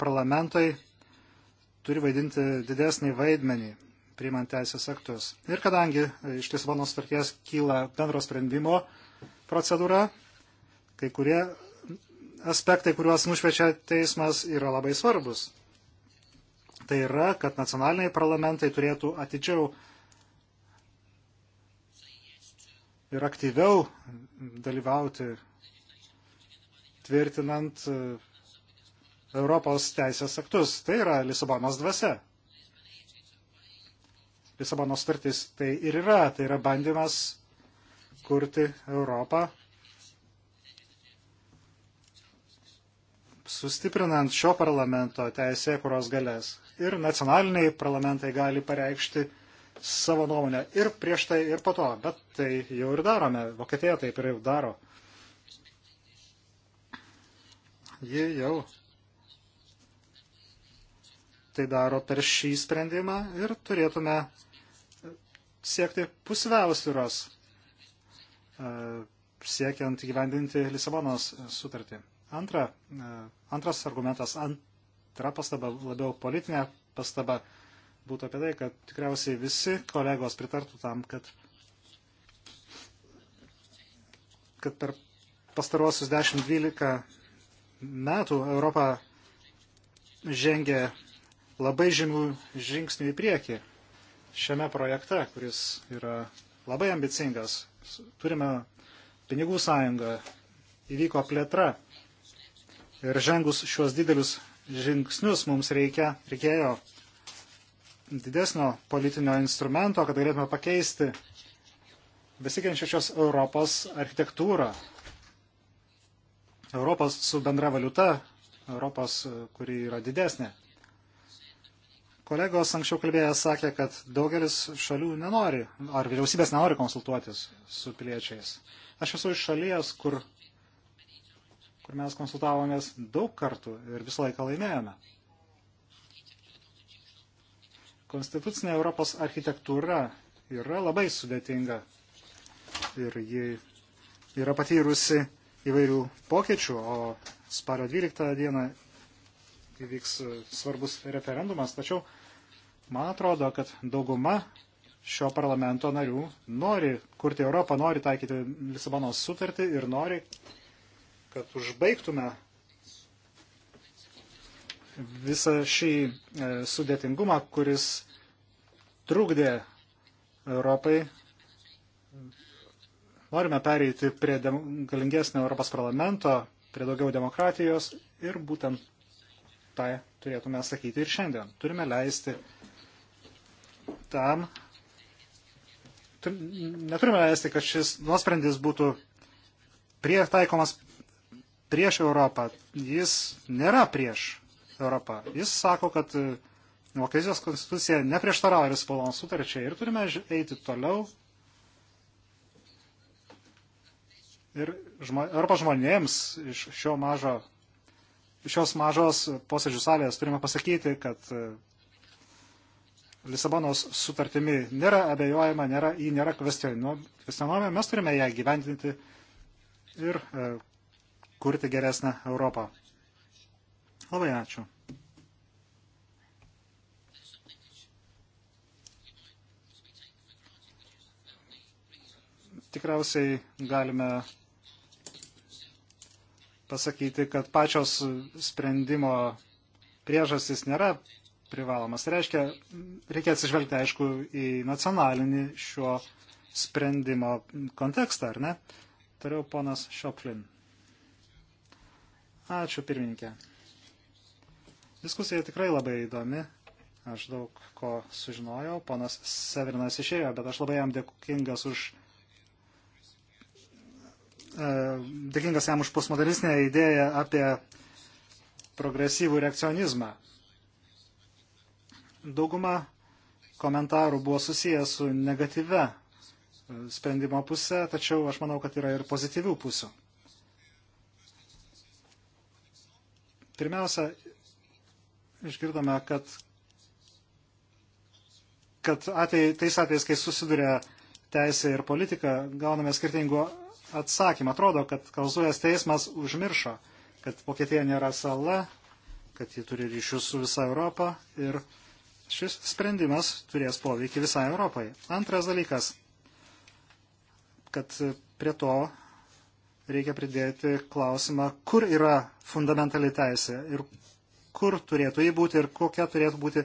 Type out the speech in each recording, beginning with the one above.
parlamentai turi vaidinti didesnį vaidmenį priimant teisės aktus. Ir kadangi e, iš Lisabono sutarties kyla bendro sprendimo procedūra, kai kurie aspektai, kuriuos nušvečia teismas, yra labai svarbus. Tai yra, kad nacionaliniai parlamentai turėtų atidžiau ir aktyviau dalyvauti tvirtinant e, Europos teisės aktus. Tai yra Lisabonos dvasia. Lisabonos sutartis tai ir yra, tai yra bandymas kurti Europą, sustiprinant šio parlamento teisė, kurios galės. Ir nacionaliniai parlamentai gali pareikšti savo nuomonę ir prieš tai, ir po to. Bet tai jau ir darome. Vokietija taip ir jau daro. Ji jau tai daro per šį sprendimą ir turėtume siekti pusviausvyros e, siekiant įgyvendinti Lisabonos sutartį. Antra, e, antras argumentas, antra pastaba, labiau politinė pastaba, būtų apie tai, kad tikriausiai visi kolegos pritartų tam, kad, kad per pastaruosius 10-12 metų Europa žengė labai žymių žingsnių į priekį šiame projekte, kuris yra labai ambicingas. Turime pinigų sąjungą, įvyko plėtra ir žengus šios didelius žingsnius mums reikia, reikėjo didesnio politinio instrumento, kad galėtume pakeisti besikenčiačios Europos architektūrą. Europos su bendra valiuta, Europos, kuri yra didesnė. Kolegos anksčiau kalbėjęs sakė, kad daugelis šalių nenori, ar vyriausybės nenori konsultuotis su piliečiais. Aš esu iš šalies, kur, kur mes konsultavomės daug kartų ir visą laiką laimėjome. Konstitucinė Europos architektūra yra labai sudėtinga ir ji yra patyrusi įvairių pokyčių, o spalio 12 dieną įvyks svarbus referendumas. Tačiau Man atrodo, kad dauguma šio parlamento narių nori kurti Europą, nori taikyti Lisabonos sutartį ir nori, kad užbaigtume visą šį e, sudėtingumą, kuris trukdė Europai. Norime pereiti prie galingesnio Europos parlamento, prie daugiau demokratijos ir būtent tai turėtume sakyti ir šiandien. Turime leisti tam neturime leisti, kad šis nuosprendis būtų prie, taikomas prieš Europą. Jis nėra prieš Europą. Jis sako, kad e, Vokietijos konstitucija neprieštarauja Lisbonos sutarčiai ir turime eiti toliau. Ir žmo, Europos žmonėms iš šio mažo, iš šios mažos posėdžių salės turime pasakyti, kad e, Lisabonos sutartimi nėra abejojama, nėra, ji nėra kvestionuojama, mes turime ją gyvendinti ir e, kurti geresnę Europą. Labai ačiū. tikriausiai galime pasakyti, kad pačios sprendimo priežastys nėra privalomas. Tai reiškia, reikia atsižvelgti, aišku, į nacionalinį šio sprendimo kontekstą, ar ne? Tariau ponas Šoplin. Ačiū, pirmininkė. Diskusija tikrai labai įdomi. Aš daug ko sužinojau. Ponas Severinas išėjo, bet aš labai jam dėkingas už e, dėkingas jam už postmodernistinę idėją apie progresyvų reakcionizmą. Dauguma komentarų buvo susijęs su negatyve sprendimo pusė, tačiau aš manau, kad yra ir pozityvių pusių. Pirmiausia, išgirdome, kad, kad atei, tais atvejais, kai susiduria teisė ir politika, gauname skirtingų atsakymą. Atrodo, kad Kalzūjas teismas užmiršo, kad Vokietija nėra sala, kad ji turi ryšius su visa Europa ir Šis sprendimas turės poveikį visai Europai. Antras dalykas, kad prie to reikia pridėti klausimą, kur yra fundamentali teisė ir kur turėtų jį būti ir kokia turėtų būti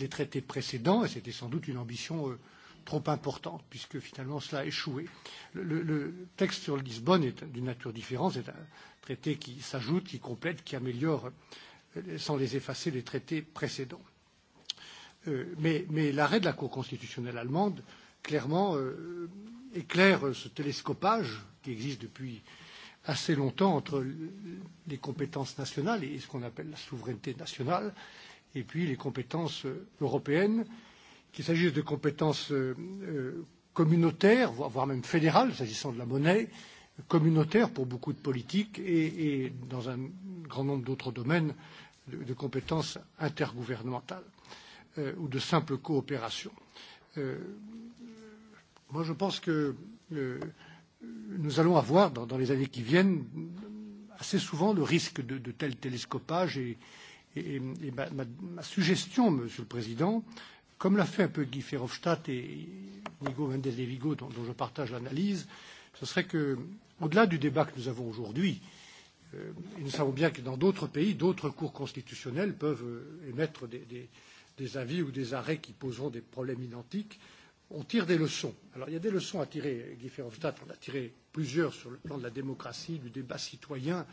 les traités précédents, et c'était sans doute une ambition euh, trop importante, puisque finalement cela a échoué. Le, le, le texte sur Lisbonne est d'une nature différente, c'est un traité qui s'ajoute, qui complète, qui améliore, euh, sans les effacer, les traités précédents. Euh, mais mais l'arrêt de la Cour constitutionnelle allemande, clairement, euh, éclaire ce télescopage qui existe depuis assez longtemps entre les compétences nationales et ce qu'on appelle la souveraineté nationale, euh, et puis les compétences euh, européennes, qu'il s'agisse de compétences euh, euh, communautaires, voire même fédérales, s'agissant de la monnaie, communautaire pour beaucoup de politiques et, et dans un grand nombre d'autres domaines de, de compétences intergouvernementales euh, ou de simple coopération. Euh, moi, je pense que euh, nous allons avoir dans, dans les années qui viennent assez souvent le risque de, de tel télescopage et, Et, et, et ma, ma, ma suggestion, Monsieur le Président, comme l'a fait un peu Guy Verhofstadt et Nigo Mendes de Vigo, dont, dont je partage l'analyse, ce serait que, au-delà du débat que nous avons aujourd'hui, euh, et nous savons bien que dans d'autres pays, d'autres cours constitutionnels peuvent euh, émettre des, des, des avis ou des arrêts qui poseront des problèmes identiques, on tire des leçons. Alors il y a des leçons à tirer, Guy Verhofstadt en a tiré plusieurs sur le plan de la démocratie, du débat citoyen,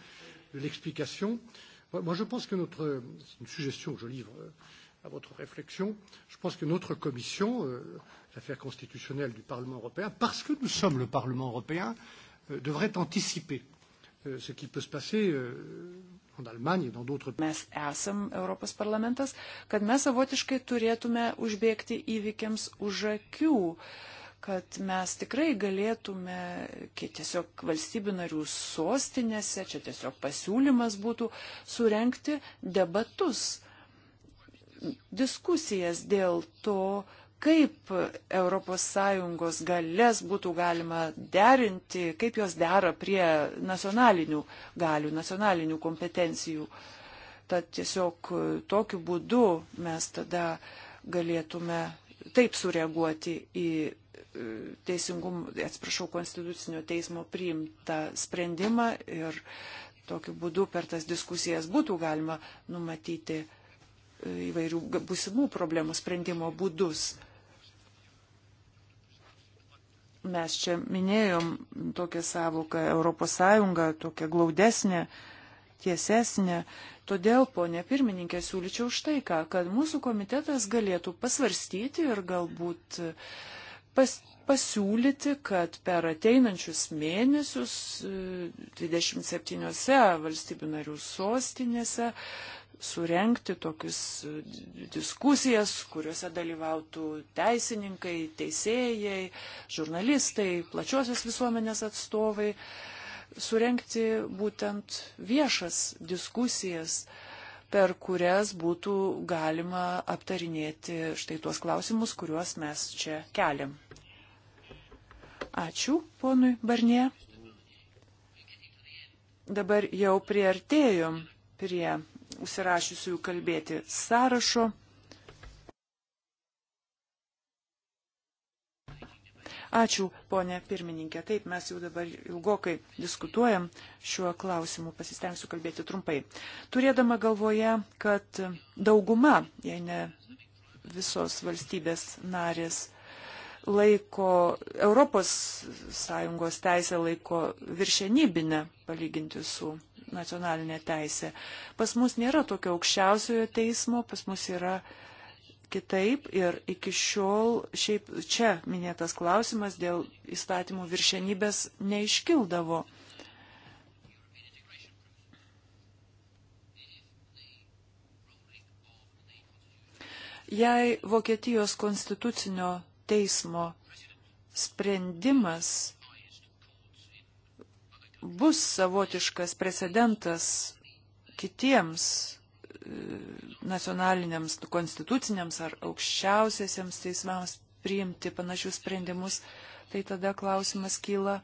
de l'explication. Euh, Moi, je pense que notre, c'est une suggestion que je livre euh, à votre réflexion, je pense que notre commission, euh, l'affaire constitutionnelle du Parlement européen, parce que nous sommes le Parlement européen, euh, devrait anticiper euh, ce qui peut se passer euh, en Allemagne ir dans d'autres. Mes esam Europos parlamentas, kad mes savotiškai turėtume užbėgti įvykiams už akių. Uh, kad mes tikrai galėtume tiesiog valstybių narių sostinėse, čia tiesiog pasiūlymas būtų surenkti debatus, diskusijas dėl to, kaip ES galės būtų galima derinti, kaip jos dera prie nacionalinių galių, nacionalinių kompetencijų. Tad tiesiog tokiu būdu mes tada galėtume taip sureaguoti į teisingum, atsiprašau, konstitucinio teismo priimtą sprendimą ir tokiu būdu per tas diskusijas būtų galima numatyti e, įvairių būsimų problemų sprendimo būdus. Mes čia minėjom tokią savoką Europos Sąjungą, tokią glaudesnę, tiesesnė. Todėl, ponė pirmininkė, siūlyčiau štai ką, kad mūsų komitetas galėtų pasvarstyti ir galbūt uh, pas, pasiūlyti, kad per ateinančius mėnesius 27 e, valstybių narių sostinėse surenkti tokius e, diskusijas, kuriuose dalyvautų teisininkai, teisėjai, žurnalistai, plačiosios visuomenės atstovai, surenkti būtent viešas diskusijas, per kurias būtų galima aptarinėti štai tuos klausimus, kuriuos mes čia keliam. Ačiū ponui Barnie. Dabar jau priartėjom prie užsirašysiu kalbėti sąrašo. Ačiū, ponė pirmininkė. Taip, mes jau dabar ilgokai diskutuojam šiuo klausimu, pasistengsiu kalbėti trumpai. Turėdama galvoje, kad dauguma, jei ne visos valstybės narės, laiko, ES teisę laiko viršenybinę palyginti su nacionalinė teisė. Pas mus nėra tokio aukščiausiojo teismo, pas mus yra kitaip ir iki šiol šiaip čia minėtas klausimas dėl įstatymų viršenybės neiškildavo. Jei Vokietijos konstitucinio teismo sprendimas bus savotiškas precedentas kitiems e, nacionaliniams konstituciniams ar aukščiausiasiems teismams priimti panašius sprendimus, tai tada klausimas kyla,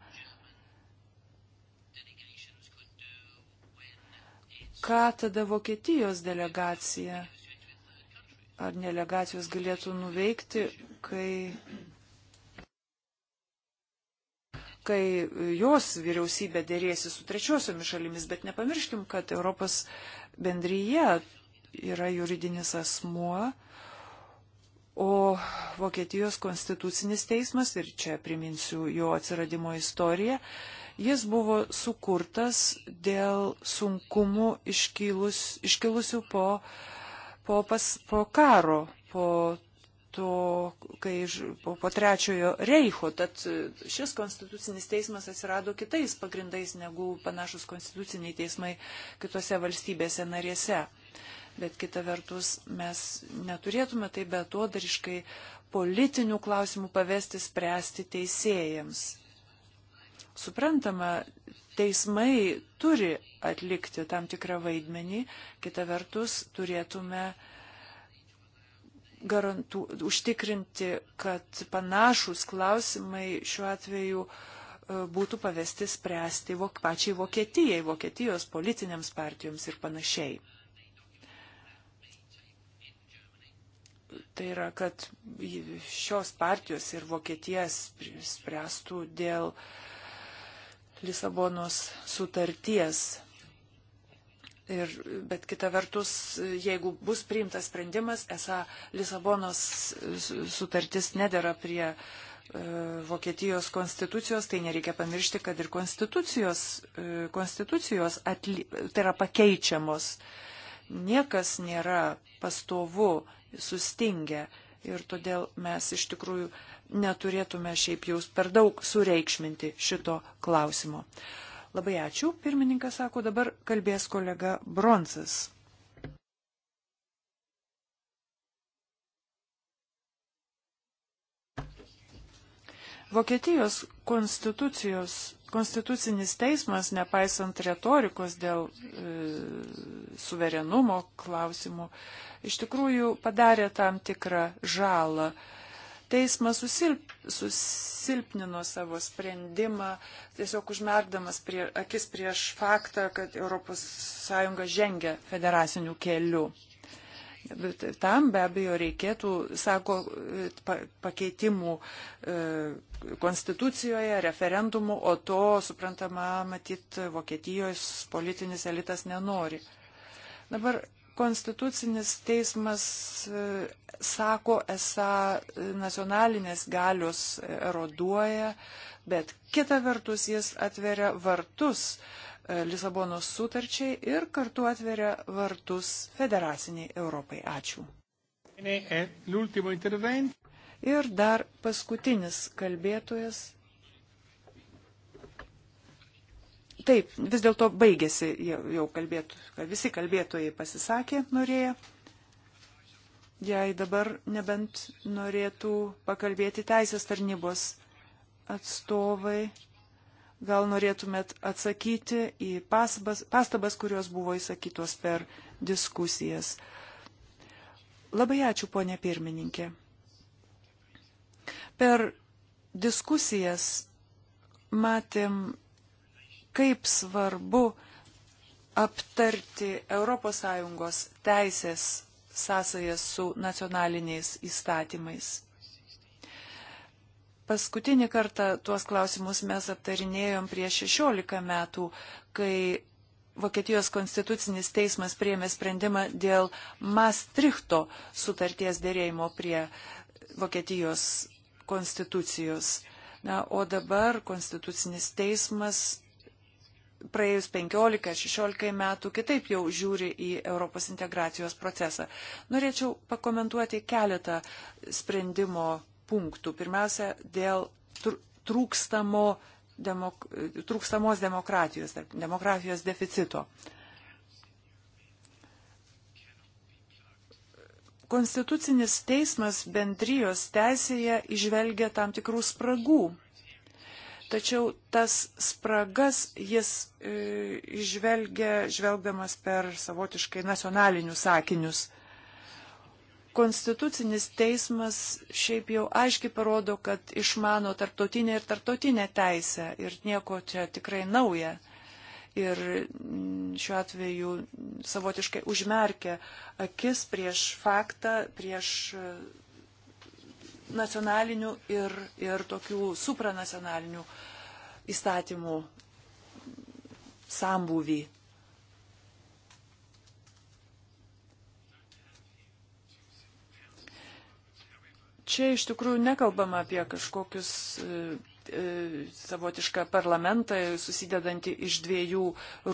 ką tada Vokietijos delegacija ar delegacijos galėtų nuveikti, kai, kai jos vyriausybė dėrėsi su trečiosiomis šalimis, bet nepamirškim, kad Europos bendryje yra juridinis asmuo, o Vokietijos konstitucinis teismas, ir čia priminsiu jo atsiradimo istoriją, jis buvo sukurtas dėl sunkumų iškilus, iškilusių po uh, po, pas, po karo, po to, kai po, po trečiojo reicho. Tad šis konstitucinis teismas atsirado kitais pagrindais negu panašus konstituciniai teismai kitose valstybėse narėse. Bet kita vertus, mes neturėtume tai be to dariškai politinių klausimų pavesti spręsti teisėjams. Suprantama, teismai turi atlikti tam tikrą vaidmenį, kita vertus turėtume garantų, užtikrinti, kad panašus klausimai šiuo atveju e, būtų pavesti spręsti pačiai Vokietijai, Vokietijos politinėms partijoms ir panašiai. Tai yra, kad šios partijos ir Vokietijas spręstų dėl uh, Lisabonos sutarties. Ir, bet kita vertus, jeigu bus priimtas sprendimas, esą Lisabonos sutartis nedėra prie e, Vokietijos konstitucijos, tai nereikia pamiršti, kad ir konstitucijos, e, konstitucijos atli, tai yra pakeičiamos. Niekas nėra pastovu sustingę ir todėl mes iš tikrųjų e, neturėtume šiaip jau per daug sureikšminti šito klausimo. Labai ačiū. Pirmininkas sako, dabar kalbės kolega Bronsas. Vokietijos konstitucijos, konstitucinis teismas, nepaisant retorikos dėl e, suverenumo klausimų, iš tikrųjų padarė tam tikrą žalą. E, Teismas susilp, susilpnino savo sprendimą, tiesiog užmerkdamas prie, akis prieš faktą, kad ES žengia federacinių kelių. Bet tam be abejo reikėtų, sako, pakeitimų e, konstitucijoje, referendumų, o to, suprantama, matyt, Vokietijos politinis elitas nenori. Dabar Konstitucinis teismas e, sako, esą nacionalinės galios eroduoja, bet kita vertus jis atveria vartus e, Lisabonos sutarčiai ir kartu atveria vartus federaciniai Europai. Ačiū. Ir dar paskutinis kalbėtojas Taip, vis dėlto baigėsi jau, jau kalbėtų, visi kalbėtojai pasisakė norėję. Jei dabar nebent norėtų pakalbėti teisės tarnybos atstovai, gal norėtumėt atsakyti į pastabas, pastabas kurios buvo įsakytos per diskusijas. Labai ačiū, ponė pirmininkė. Per diskusijas matėm kaip svarbu aptarti ES teisės sąsajas su nacionaliniais įstatymais. Paskutinį kartą tuos klausimus mes aptarinėjom prieš 16 metų, kai Vokietijos konstitucinis teismas priėmė sprendimą dėl Maastrichto sutarties dėrėjimo prie Vokietijos konstitucijos. Na, o dabar konstitucinis teismas praėjus 15-16 metų kitaip jau žiūri į Europos integracijos procesą. Norėčiau pakomentuoti keletą sprendimo punktų. Pirmiausia, dėl trūkstamo, demok, trūkstamos demokratijos, demokratijos deficito. Konstitucinis teismas bendrijos teisėje išvelgia tam tikrų spragų tačiau tas spragas jis e, išvelgia, žvelgdamas per savotiškai nacionalinius sakinius. Konstitucinis teismas šiaip jau aiškiai parodo, kad išmano tarptautinę ir tarptautinę teisę ir nieko čia tikrai nauja ir mm, šiuo atveju savotiškai užmerkia akis prieš faktą, prieš e, nacionalinių ir, ir tokių supranacionalinių įstatymų sambūvį. Čia iš tikrųjų nekalbama apie kažkokius e, E, savotišką parlamentą susidedantį iš dviejų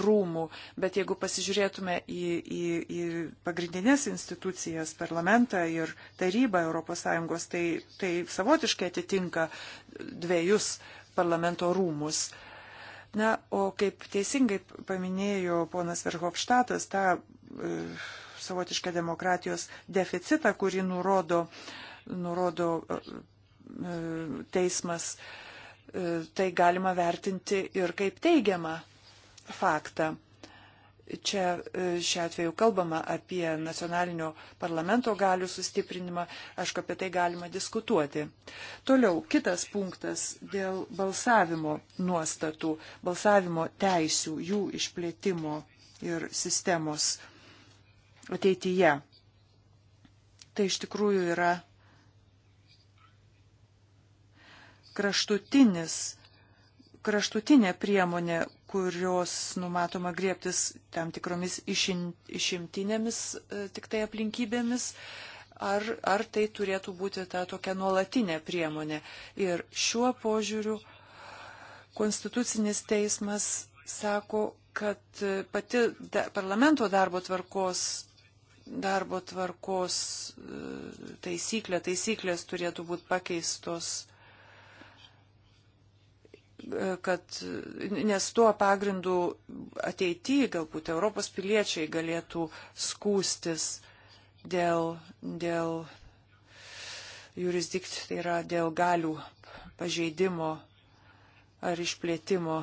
rūmų. Bet jeigu pasižiūrėtume į, į, į pagrindinės institucijas, parlamentą ir tarybą ES, tai, tai savotiškai atitinka dviejus parlamento rūmus. Na, o kaip teisingai paminėjo ponas Verhofštatas, tą e, savotišką demokratijos deficitą, kurį nurodo, nurodo e, e teismas, e, E, tai galima vertinti ir kaip teigiamą faktą. Čia e, šiuo atveju kalbama apie nacionalinio parlamento galių sustiprinimą, aišku, apie tai galima diskutuoti. Toliau, kitas punktas dėl balsavimo nuostatų, balsavimo teisių, jų išplėtimo ir sistemos ateityje. Tai iš tikrųjų yra kraštutinis, kraštutinė priemonė, kurios numatoma griebtis tam tikromis išin, išimtinėmis e, tik tai aplinkybėmis, ar, ar tai turėtų būti ta tokia nuolatinė priemonė. Ir šiuo požiūriu Konstitucinis teismas sako, kad e, pati da, parlamento darbo tvarkos, darbo tvarkos e, taisyklė, taisyklės turėtų būti pakeistos kad nes tuo pagrindu ateityje galbūt Europos piliečiai galėtų skūstis dėl, dėl jurisdikcijų, tai yra dėl galių pažeidimo ar išplėtimo.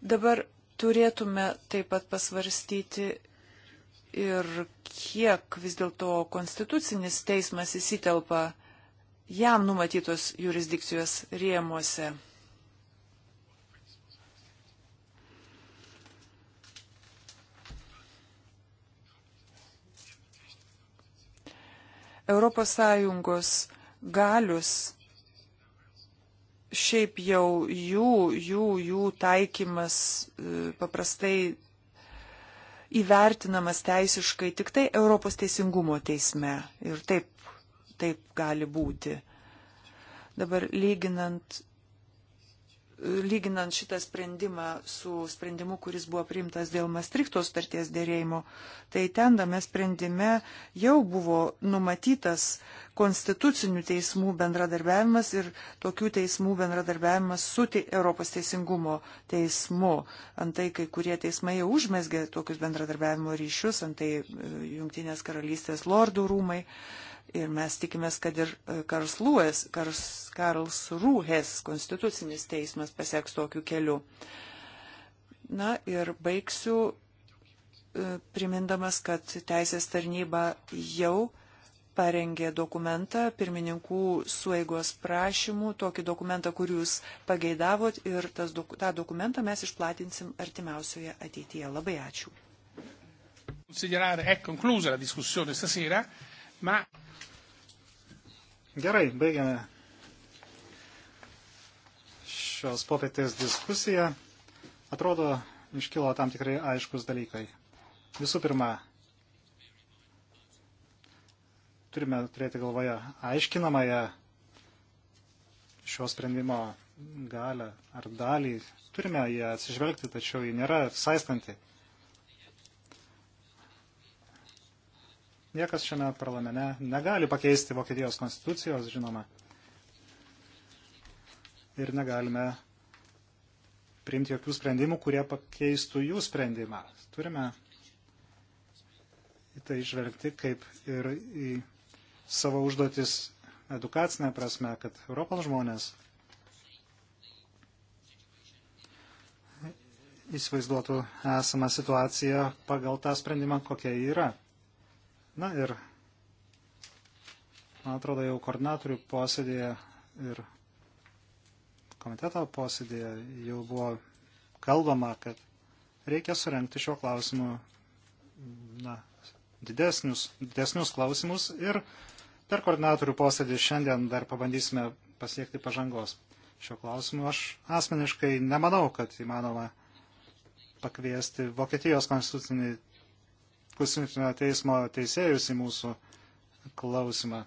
Dabar turėtume taip pat pasvarstyti ir kiek vis dėlto konstitucinis teismas įsitelpa jam numatytos jurisdikcijos rėmuose. Europos Sąjungos galius šiaip jau jų, jų, jų taikymas e, paprastai įvertinamas teisiškai tik tai Europos teisingumo teisme. Ir taip, taip gali būti. Dabar lyginant lyginant šitą sprendimą su sprendimu, kuris buvo priimtas dėl Mastrichto starties dėrėjimo, tai tendame sprendime jau buvo numatytas konstitucinių teismų bendradarbiavimas ir tokių teismų bendradarbiavimas su Europos teisingumo teismu. Antai kai kurie teismai jau užmesgė tokius bendradarbiavimo ryšius, antai e, Junktinės karalystės lordų rūmai. Uh, Ir mes tikimės, kad ir e, Karlsruhės, Karlsruhės konstitucinis teismas pasieks tokiu keliu. Na ir baigsiu e, primindamas, kad teisės tarnyba jau parengė dokumentą pirmininkų sueigos prašymų, tokį dokumentą, kurį jūs pageidavot ir tas, tą dokumentą mes išplatinsim artimiausioje ateityje. Labai ačiū. Gerai, baigiame šios popietės diskusiją. Atrodo, iškilo tam tikrai aiškus dalykai. Visų pirma, turime turėti galvoje aiškinamąją šio sprendimo galę ar dalį. Turime ją atsižvelgti, tačiau ji nėra saistanti. Niekas šiame parlamente negali pakeisti Vokietijos konstitucijos, žinoma. Ir negalime priimti jokių sprendimų, kurie pakeistų jų sprendimą. Turime į tai žvelgti kaip ir į savo užduotis edukacinę prasme, kad Europos žmonės įsivaizduotų esamą situaciją pagal tą sprendimą, kokia yra. Na ir, man atrodo, jau koordinatorių posėdėje ir komiteto posėdėje jau buvo kalbama, kad reikia surenkti šiuo klausimu na, didesnius, didesnius klausimus ir per koordinatorių posėdį šiandien dar pabandysime pasiekti pažangos. Šiuo klausimu aš asmeniškai nemanau, kad įmanoma pakviesti Vokietijos konstitucinį konstitucinio teismo teisėjus į mūsų klausimą.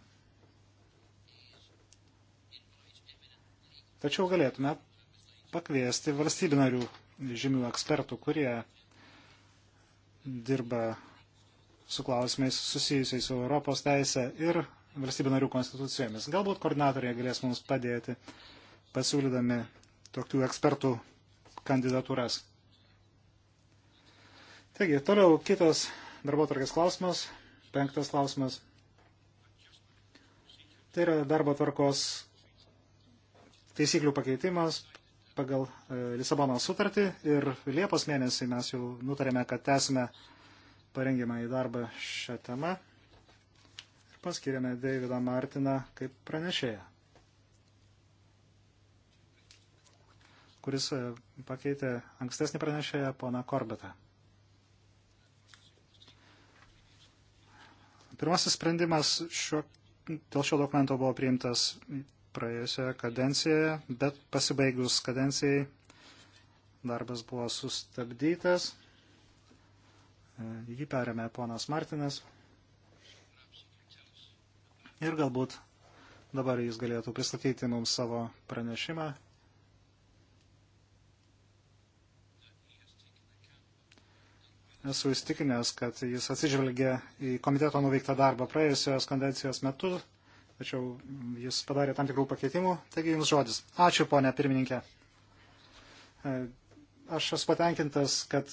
Tačiau galėtume pakviesti valstybių narių žymių ekspertų, kurie dirba su klausimais susijusiais su Europos teisė ir valstybių narių konstitucijomis. Galbūt koordinatoriai galės mums padėti pasiūlydami tokių ekspertų kandidatūras. Taigi, toliau kitas darbo tvarkės klausimas, penktas klausimas. Tai yra darbo tvarkos taisyklių pakeitimas pagal e, Lisabono sutartį ir Liepos mėnesį mes jau nutarėme, kad tęsime parengimą į darbą šią temą ir paskiriame Davidą Martiną kaip pranešėją, kuris e, pakeitė ankstesnį pranešėją poną Korbetą. Pirmasis sprendimas šio, dėl šio dokumento buvo priimtas praėjusioje kadencijoje, bet pasibaigus kadencijai darbas buvo sustabdytas. E, jį perėmė ponas Martinas. Ir galbūt dabar jis galėtų pristatyti mums savo pranešimą. esu įstikinęs, kad jis atsižvelgia į komiteto nuveiktą darbą praėjusios kondencijos metu, tačiau jis padarė tam tikrų pakeitimų. Taigi jums žodis. Ačiū, ponė pirmininkė. E, aš esu patenkintas, kad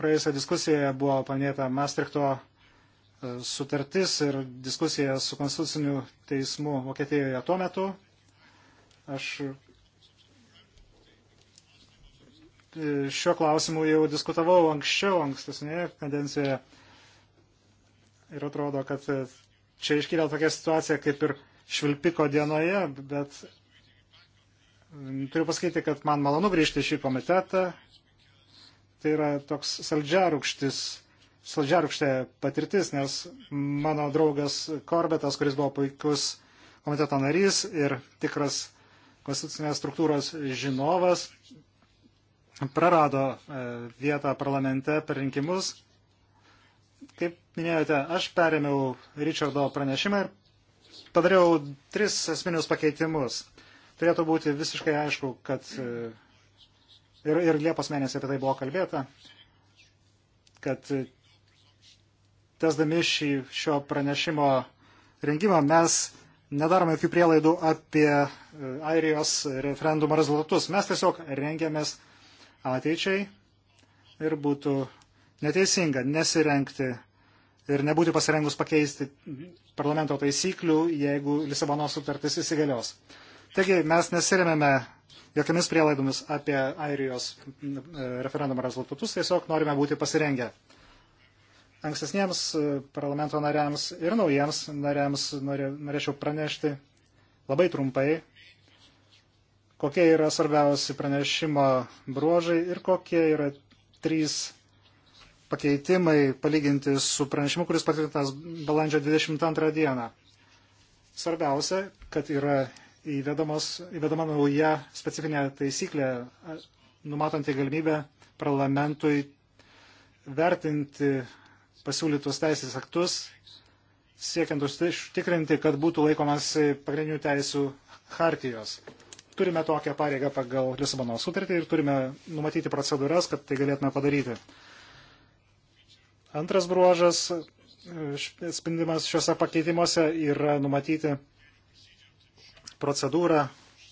praėjusią diskusiją buvo paminėta Maastrichto e, sutartis ir diskusija su konstituciniu teismu Vokietijoje tuo metu. Aš šiuo klausimu jau diskutavau anksčiau, ankstesnėje kadencijoje. Ir atrodo, kad čia iškyla tokia situacija kaip ir švilpiko dienoje, bet turiu pasakyti, kad man malonu grįžti į šį komitetą. Tai yra toks saldžiarūkštis, saldžiarūkštė patirtis, nes mano draugas Korbetas, kuris buvo puikus komiteto narys ir tikras konstitucinės struktūros žinovas, prarado e, vietą parlamente per rinkimus. Kaip minėjote, aš perėmiau Richardo pranešimą ir padariau tris esminius pakeitimus. Turėtų būti visiškai aišku, kad e, ir, ir Liepos mėnesį apie tai buvo kalbėta, kad e, tesdami šį, šio pranešimo rengimą mes nedarome jokių prielaidų apie Airijos referendumo rezultatus. Mes tiesiog rengiamės uh, ateičiai ir būtų neteisinga nesirenkti ir nebūti pasirengus pakeisti parlamento taisyklių, jeigu Lisabono sutartis įsigalios. Taigi mes nesiremėme jokiamis prielaidomis apie Airijos e, referendumo rezultatus, tiesiog norime būti pasirengę. Ankstesniems e, parlamento nariams ir naujiems nariams norėčiau pranešti labai trumpai, kokie yra svarbiausi pranešimo bruožai ir kokie yra trys pakeitimai palyginti su pranešimu, kuris patvirtintas balandžio 22 dieną. Svarbiausia, kad yra įvedama nauja specifinė taisyklė, numatanti galimybę parlamentui vertinti pasiūlytus teisės aktus, siekiant užtikrinti, kad būtų laikomasi pagrindinių teisų hartijos turime tokią pareigą pagal Lisabono sutartį ir turime numatyti procedūras, kad tai galėtume padaryti. Antras bruožas e, spindimas šiuose pakeitimuose yra numatyti procedūrą,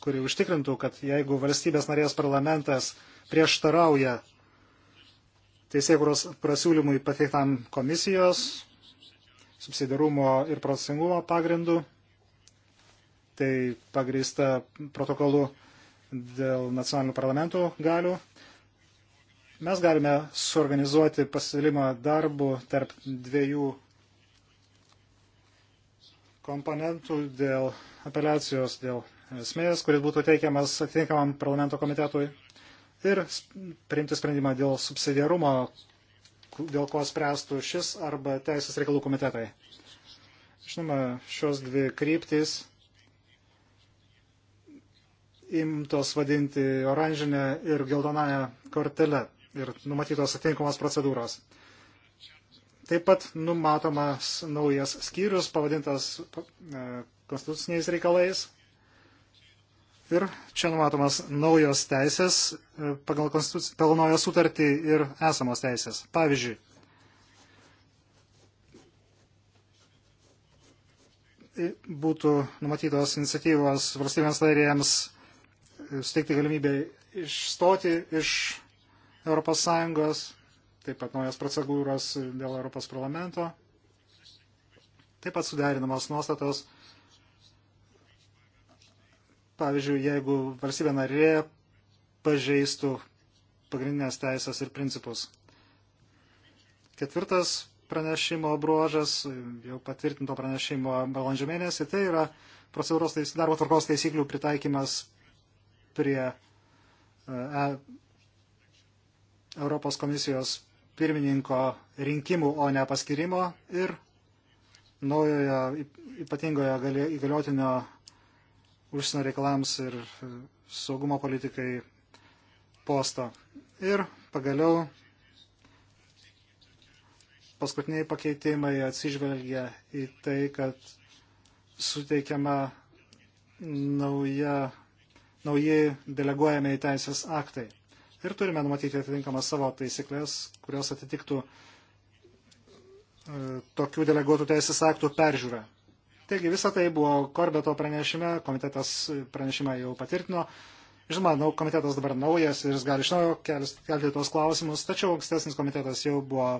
kuri užtikrintų, kad jeigu valstybės narės parlamentas prieštarauja teisėkuros prasiūlymui pateiktam komisijos subsidarumo ir procesingumo pagrindu, tai pagrįsta protokolu dėl nacionalinių parlamentų galių. Mes galime suorganizuoti pasidalimą darbų tarp dviejų komponentų dėl apeliacijos, dėl esmės, kuris būtų teikiamas atitinkamam parlamento komitetui ir priimti sprendimą dėl subsidiarumo, dėl ko spręstų šis arba Teisės reikalų komitetai. Žinoma, šios dvi kryptys imtos vadinti oranžinę ir geltonąją kortelę ir numatytos atitinkamos procedūros. Taip pat numatomas naujas skyrius pavadintas e, konstituciniais reikalais. Ir čia numatomas naujos teisės e, pagal pelnojo sutartį ir esamos teisės. Pavyzdžiui, būtų numatytos iniciatyvos valstybėms narėms suteikti galimybę išstoti iš ES, taip pat naujas procedūros dėl Europos parlamento, taip pat suderinamos nuostatos. Pavyzdžiui, jeigu valstybė narė pažeistų pagrindinės teisės ir principus. Ketvirtas pranešimo bruožas, jau patvirtinto pranešimo balandžio mėnesį, tai yra procedūros teis, darbo tvarkos taisyklių pritaikymas prie e, e, Europos komisijos pirmininko rinkimų, o ne paskirimo ir naujojo ypatingojo įgaliotinio užsienio reikalams ir saugumo politikai posto. Ir pagaliau paskutiniai pakeitimai atsižvelgia į tai, kad suteikiama nauja nauji deleguojami į teisės aktai. Ir turime numatyti atitinkamas savo taisyklės, kurios atitiktų e, tokių deleguotų teisės aktų peržiūrą. Taigi visą tai buvo Korbeto pranešime, komitetas pranešimą jau patvirtino. Žinoma, nau, komitetas dabar naujas ir jis gali iš naujo kelti tuos klausimus, tačiau ankstesnis komitetas jau buvo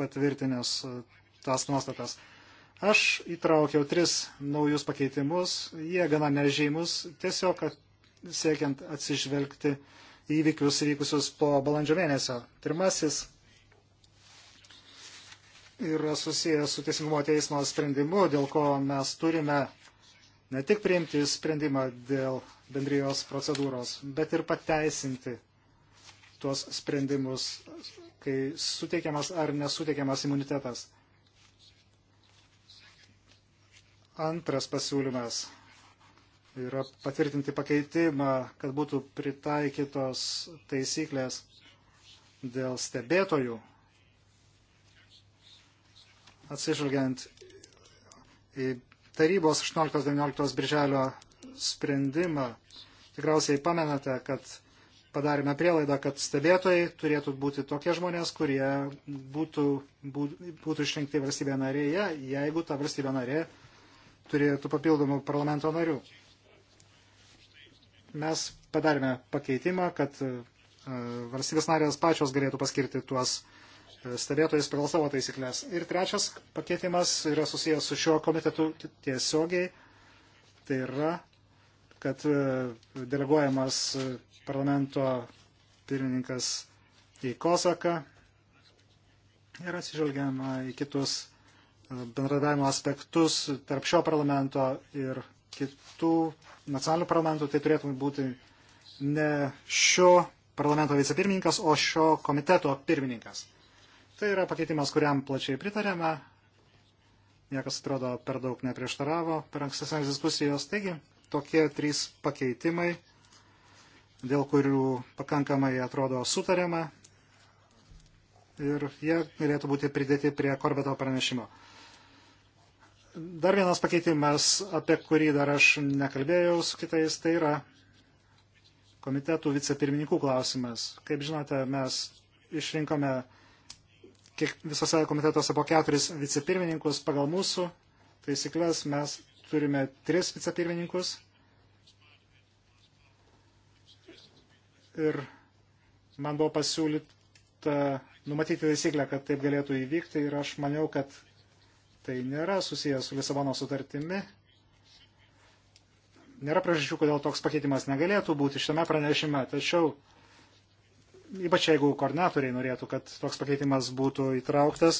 patvirtinęs e, tas nuostatas. Aš įtraukiau tris naujus pakeitimus, jie gana nežymus, tiesiog siekiant atsižvelgti įvykius įvykusius po balandžio mėnesio. Pirmasis yra susijęs su Teisingumo teismo sprendimu, dėl ko mes turime ne tik priimti sprendimą dėl bendrijos procedūros, bet ir pateisinti tuos sprendimus, kai suteikiamas ar nesuteikiamas imunitetas. Antras pasiūlymas yra patvirtinti pakeitimą, kad būtų pritaikytos taisyklės dėl stebėtojų, atsižvelgiant į tarybos 18-19 birželio sprendimą, tikriausiai pamenate, kad padarėme prielaidą, kad stebėtojai turėtų būti tokie žmonės, kurie būtų, būtų išrinkti valstybė narėje, jeigu ta valstybė narė turėtų papildomų parlamento narių. Mes padarėme pakeitimą, kad e, valstybės narės pačios galėtų paskirti tuos e, stebėtojus pagal savo taisyklės. Ir trečias pakeitimas yra susijęs su šiuo komitetu tiesiogiai. Tai yra, kad e, deleguojamas parlamento pirmininkas į Kosaką ir atsižvelgiama į kitus E, bendradavimo aspektus tarp šio parlamento ir kitų nacionalinių parlamentų, tai turėtų būti ne šio parlamento vicepirmininkas, o šio komiteto pirmininkas. Tai yra pakeitimas, kuriam plačiai pritarėme. Niekas atrodo per daug neprieštaravo per ankstesnės diskusijos. Taigi, tokie trys pakeitimai, dėl kurių pakankamai atrodo sutarėme. Ir jie galėtų būti pridėti prie Korbeto pranešimo. Dar vienas pakeitimas, apie kurį dar aš nekalbėjau su kitais, tai yra komitetų vicepirmininkų klausimas. Kaip žinote, mes išrinkome kiek, visose komitetuose po keturis vicepirmininkus. Pagal mūsų taisyklės mes turime tris vicepirmininkus. Ir man buvo pasiūlyta numatyti taisyklę, kad taip galėtų įvykti ir aš maniau, kad tai nėra susijęs su Lisabono sutartimi. Nėra priežasčių, kodėl toks pakeitimas negalėtų būti šiame pranešime, tačiau ypač jeigu koordinatoriai norėtų, kad toks pakeitimas būtų įtrauktas,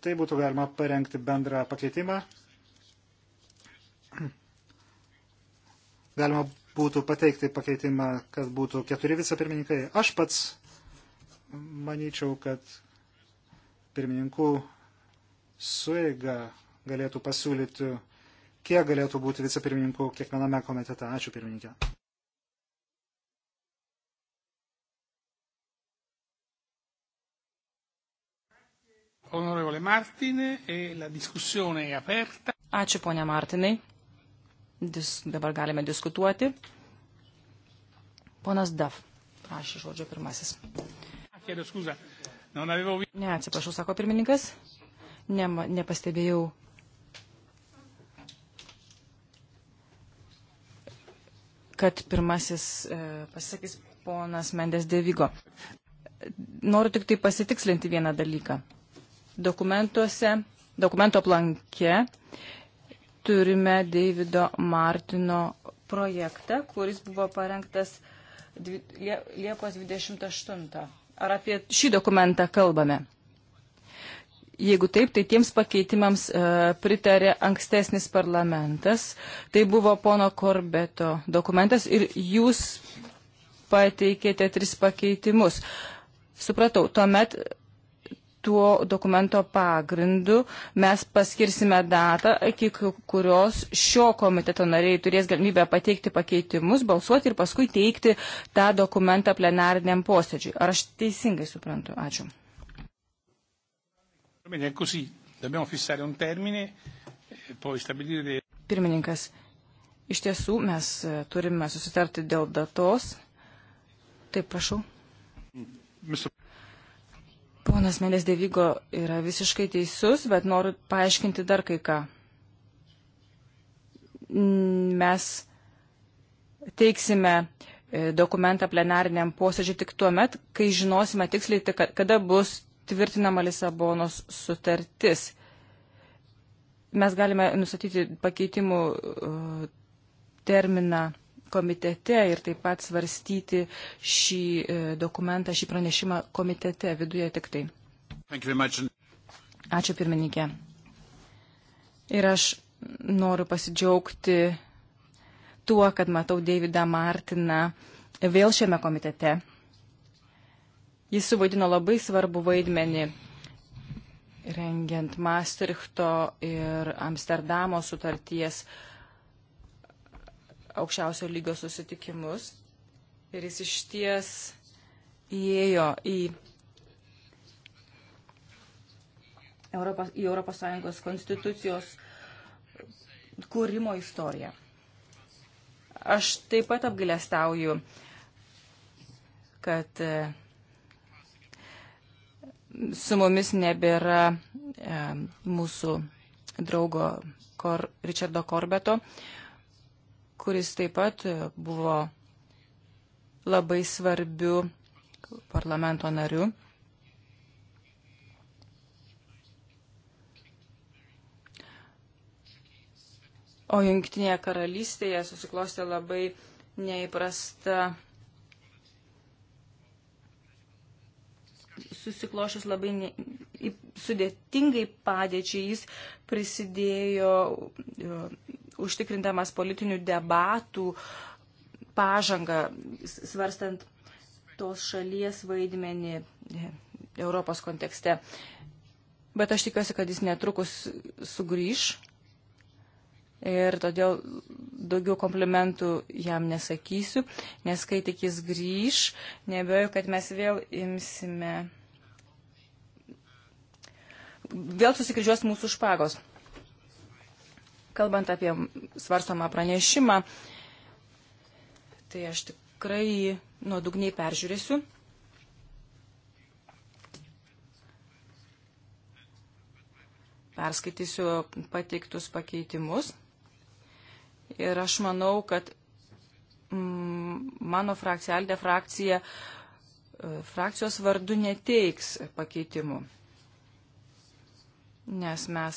tai būtų galima parengti bendrą pakeitimą. Galima būtų pateikti pakeitimą, kad būtų keturi vicepirmininkai. Aš pats manyčiau, kad pirmininkų sueiga galėtų pasiūlyti, kiek galėtų būti vicepirmininkų kiekviename komitete. Ačiū pirmininkė. Onorevole Martin, e la discussione è aperta. Ačiū ponia Martinai. Dis, dabar galime diskutuoti. Ponas Daf, prašė žodžio pirmasis. Ah, ne, atsiprašau, sako pirmininkas ne, nepastebėjau. kad pirmasis e, pasakys ponas Mendes Devigo. Noriu tik tai pasitikslinti vieną dalyką. Dokumentuose, dokumento planke turime Davido Martino projektą, kuris buvo parengtas Liepos 28. Ar apie šį dokumentą kalbame? jeigu taip, tai tiems pakeitimams e, pritarė ankstesnis parlamentas. Tai buvo pono Korbeto dokumentas ir jūs pateikėte tris pakeitimus. Supratau, tuomet tuo dokumento pagrindu mes paskirsime datą, iki kurios šio komiteto nariai turės galimybę pateikti pakeitimus, balsuoti ir paskui teikti tą dokumentą plenariniam posėdžiui. Ar aš teisingai suprantu? Ačiū. Bene, così. Dobbiamo fissare un termine, eh, poi stabilire dei... Pirmininkas, iš tiesų mes eh, turime susitarti dėl datos. Taip, prašau. Ponas Melės Devygo yra visiškai teisus, bet noriu paaiškinti dar kai ką. Mes teiksime eh, dokumentą plenariniam posėdžiui tik tuo met, kai žinosime tiksliai, kada bus tvirtinama Lisabonos sutartis. Mes galime nustatyti pakeitimų uh, terminą komitete ir taip pat svarstyti šį uh, dokumentą, šį pranešimą komitete viduje tik tai. Ačiū pirmininkė. Ir aš noriu pasidžiaugti tuo, kad matau Davidą Martiną vėl šiame komitete. Jis suvaidino labai svarbu vaidmenį rengiant Maastrichto ir Amsterdamo sutarties aukščiausio lygio susitikimus. Ir jis iš ties įėjo į Europos, į Europos Sąjungos konstitucijos kūrimo istoriją. Aš taip pat apgailestauju, kad su mumis nebėra e, mūsų draugo Kor, Richardo Korbeto, kuris taip pat e, buvo labai svarbiu parlamento nariu. O Junktinėje karalystėje susiklostė labai neįprasta susiklošius labai ne, sudėtingai padėčiai jis prisidėjo užtikrindamas politinių debatų pažangą, svarstant tos šalies vaidmenį e, Europos kontekste. Bet aš tikiuosi, kad jis netrukus sugrįž ir todėl daugiau komplimentų jam nesakysiu, nes kai tik jis grįž, nebejoju, kad mes vėl imsime vėl susikryžiuos mūsų špagos. Kalbant apie svarstamą pranešimą, tai aš tikrai nuodugniai peržiūrėsiu. Perskaitysiu pateiktus pakeitimus. Ir aš manau, kad mm, mano frakcija, Aldė frakcija, e, frakcijos vardu neteiks pakeitimų nes mes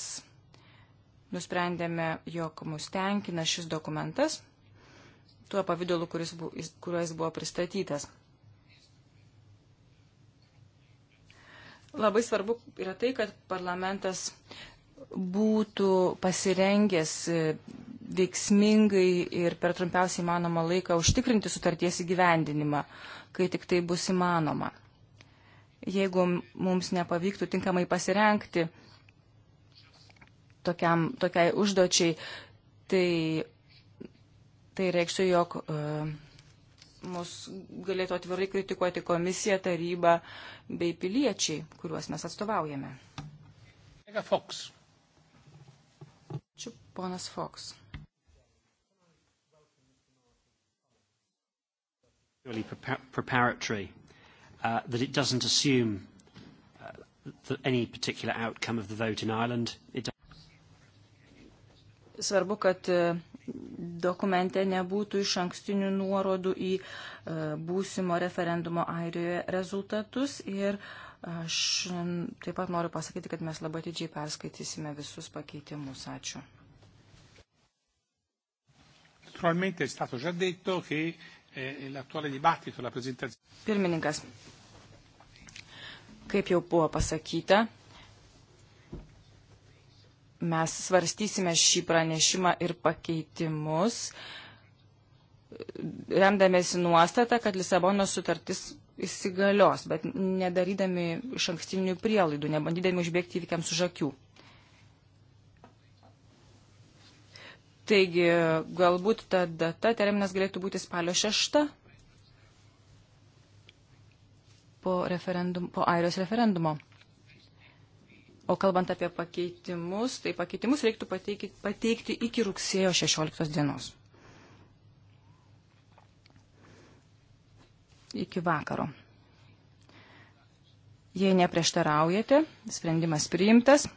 nusprendėme, jog mus tenkina šis dokumentas tuo pavydalu, kuriuo jis buvo pristatytas. Labai svarbu yra tai, kad parlamentas būtų pasirengęs e, veiksmingai ir per trumpiausiai įmanomą laiką užtikrinti sutarties įgyvendinimą, kai tik tai bus įmanoma. Jeigu mums nepavyktų tinkamai pasirenkti tokiam, tokiai užduočiai, tai, tai reikštų, jog uh, mus galėtų atvirai kritikuoti komisija, taryba bei piliečiai, kuriuos mes atstovaujame. Fox. Čia ponas Fox. really preparatory, uh, that it doesn't assume uh, that any particular outcome of the vote in Ireland. It svarbu, kad e, dokumente nebūtų iš ankstinių nuorodų į e, būsimo referendumo Airijoje rezultatus. Ir aš taip pat noriu pasakyti, kad mes labai didžiai perskaitysime visus pakeitimus. Ačiū. Eh, Pirmininkas, kaip jau buvo pasakyta, Mes svarstysime šį pranešimą ir pakeitimus, remdamėsi nuostatą, kad Lisabono sutartis įsigalios, bet nedarydami iš ankstinių prielaidų, nebandydami užbėgti įvykiams už akių. Taigi, galbūt ta data, terminas galėtų būti spalio 6 po, po Airijos referendumo. O kalbant apie pakeitimus, tai pakeitimus reiktų pateikti, pateikti iki rugsėjo 16 dienos. Iki vakaro. Jei neprieštaraujate, sprendimas priimtas.